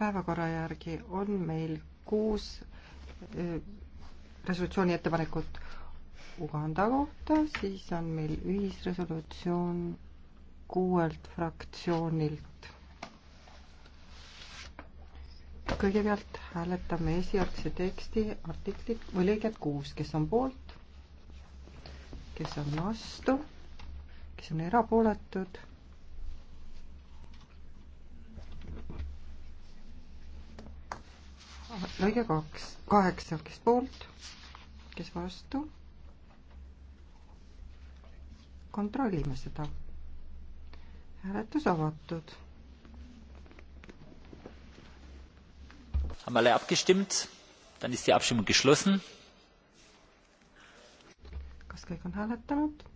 päevakorra järgi on meil kuus eh, resolutsiooni ettepanekut Uganda kohta, siis on meil ühisresolutsioon kuuelt fraktsioonilt. kõigepealt hääletame esialgse teksti artiklit või lõiget kuus, kes on poolt, kes on vastu, kes on erapooletud lõige kaks, kaheksa, kes poolt, kes vastu. kontrollime seda. hääletus avatud. Haben alle abgestimmt? Dann ist die Abstimmung geschlossen. Kas kõik on hääletanud?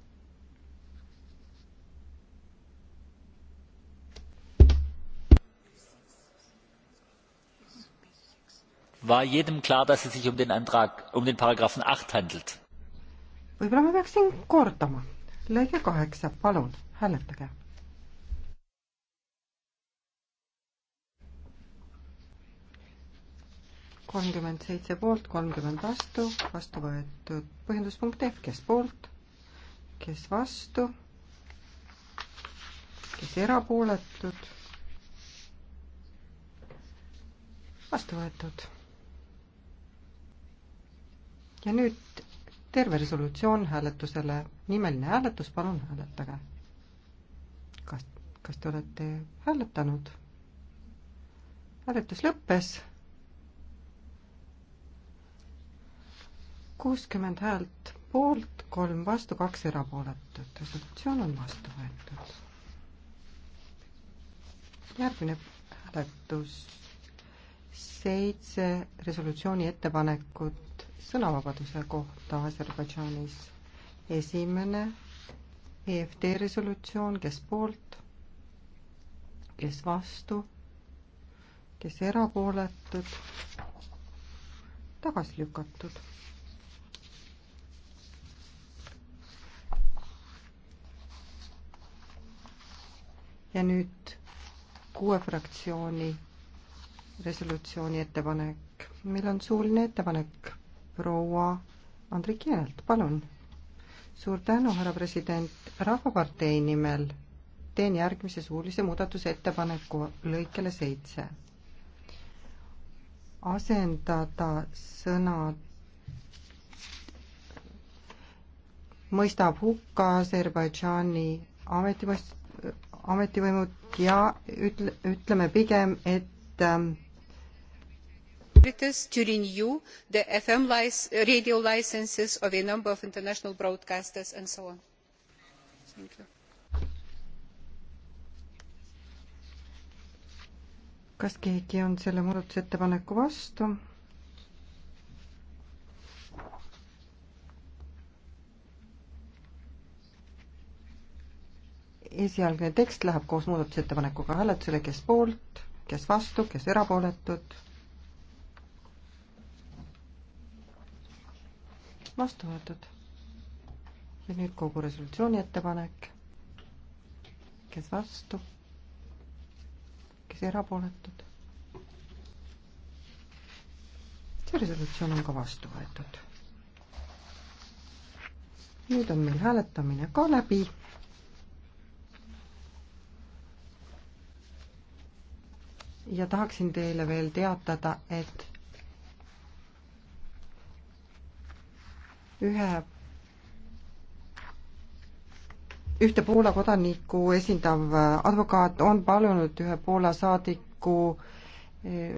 war jedem klar, dass es sich um den Antrag, um den Paragraphen 8 handelt? võib-olla ma peaksin kordama. lõige kaheksa, palun, hääletage. kolmkümmend seitse poolt, kolmkümmend vastu, vastu võetud põhjenduspunkt F, kes poolt, kes vastu, kes erapooletud, vastu võetud ja nüüd terve resolutsioon hääletusele, nimeline hääletus, palun hääletage. kas, kas te olete hääletanud? hääletus lõppes. kuuskümmend häält poolt, kolm vastu, kaks erapooletut. resolutsioon on vastu võetud. järgmine hääletus, seitse resolutsiooni ettepanekut sõnavabaduse kohta Aserbaidžaanis. esimene EFD resolutsioon, kes poolt, kes vastu, kes erapooletud, tagasi lükatud. ja nüüd kuue fraktsiooni resolutsiooni ettepanek. meil on suuline ettepanek proua Andrik Jäänelt, palun. suur tänu, härra president, Rahvapartei nimel teen järgmise suulise muudatusettepaneku lõikele seitse. asendada sõnad mõistab hukka Aserbaidžaani ametimõist-, ametivõimud ja ütle, ütleme pigem, et ähm, operators to renew the fm radio licences of a number of international broadcasters and so on. kas keegi on selle muudatusettepaneku vastu? esialgne tekst läheb koos muudatusettepanekuga hääletusele, kes poolt, kes vastu, kes erapooletud vastu võetud. ja nüüd kogu resolutsiooni ettepanek. kes vastu? kes erapooletud? see resolutsioon on ka vastu võetud. nüüd on meil hääletamine ka läbi ja tahaksin teile veel teatada, et ühe, ühte Poola kodanikku esindav advokaat on palunud ühe Poola saadiku